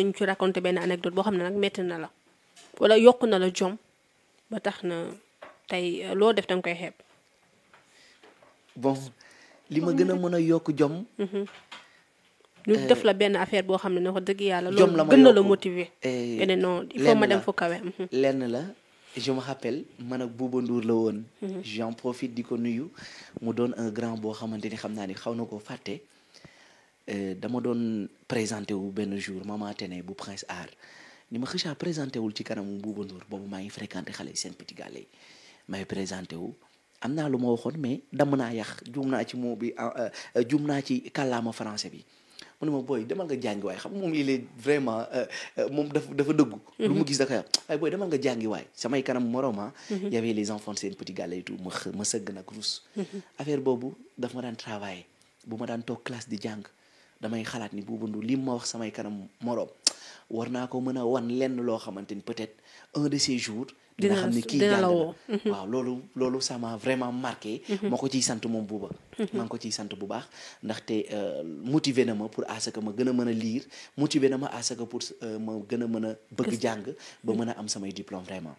nañu ci raconté benn anecdote boo xam ne nag metti la wala yokk na la jom ba na tey euh, loo def danga koy xeeb. ma gën a mën a yokk jom. Mhm. ñu euh, la benn affaire boo xam ne na dëgg yàlla. jom la ma gën na la motiver. Eh, lenn ma dem fu kawe. Mhm. lenn la je me rappelle man ak Bouba Ndour la woon. Mhm. j'en profite di ko nuyu mu doon un grand boo xamante ni xam naa ni xaw na koo fàtte. Eh, dama doon présenté wu benn jour mama tene bu Prince Art ni ma xëcaa présenté ci kanamu Bouba Ndour boobu maa ngi fréquenté xale yi seen petit gàlle yi may présenté wu am naa lu ma waxoon mais damm naa yàq juum naa ci moo bi ah, euh, juum naa ci kàllaama français bi mu ne ma booy demal nga jàngi waay xam moom il est vraiment euh, euh, moom dafa dafa dëggu mhm. lu mu gis da koy am waaye booy demal nga jàngi waay samay kanam moroma ah. mhm. y avait les enfants seen petit gàlle yi tout ma ma sëgg nag rus mhm. affaire boobu daf ma daan travailler bu ma daan toog classe di jàng damay xalaat ni Bouba Ndour li ma wax samay kanam moroom war naa ko mën a wan lenn loo xamante ni peut-être un de ces jours. xam ne kii jàng na mhm. waaw loolu loolu ça vraiment marqué. Mhm. ma ko ciy sant moom Bouba. Mhm. maa ngi ko ciy sant bu baax ndaxte euh, motivé na ma pour à que ma gën a mën a lire motivé na ma à que pour euh, ma gën a mën a bëgg jàng ba mën a am samay diplôme vraiment.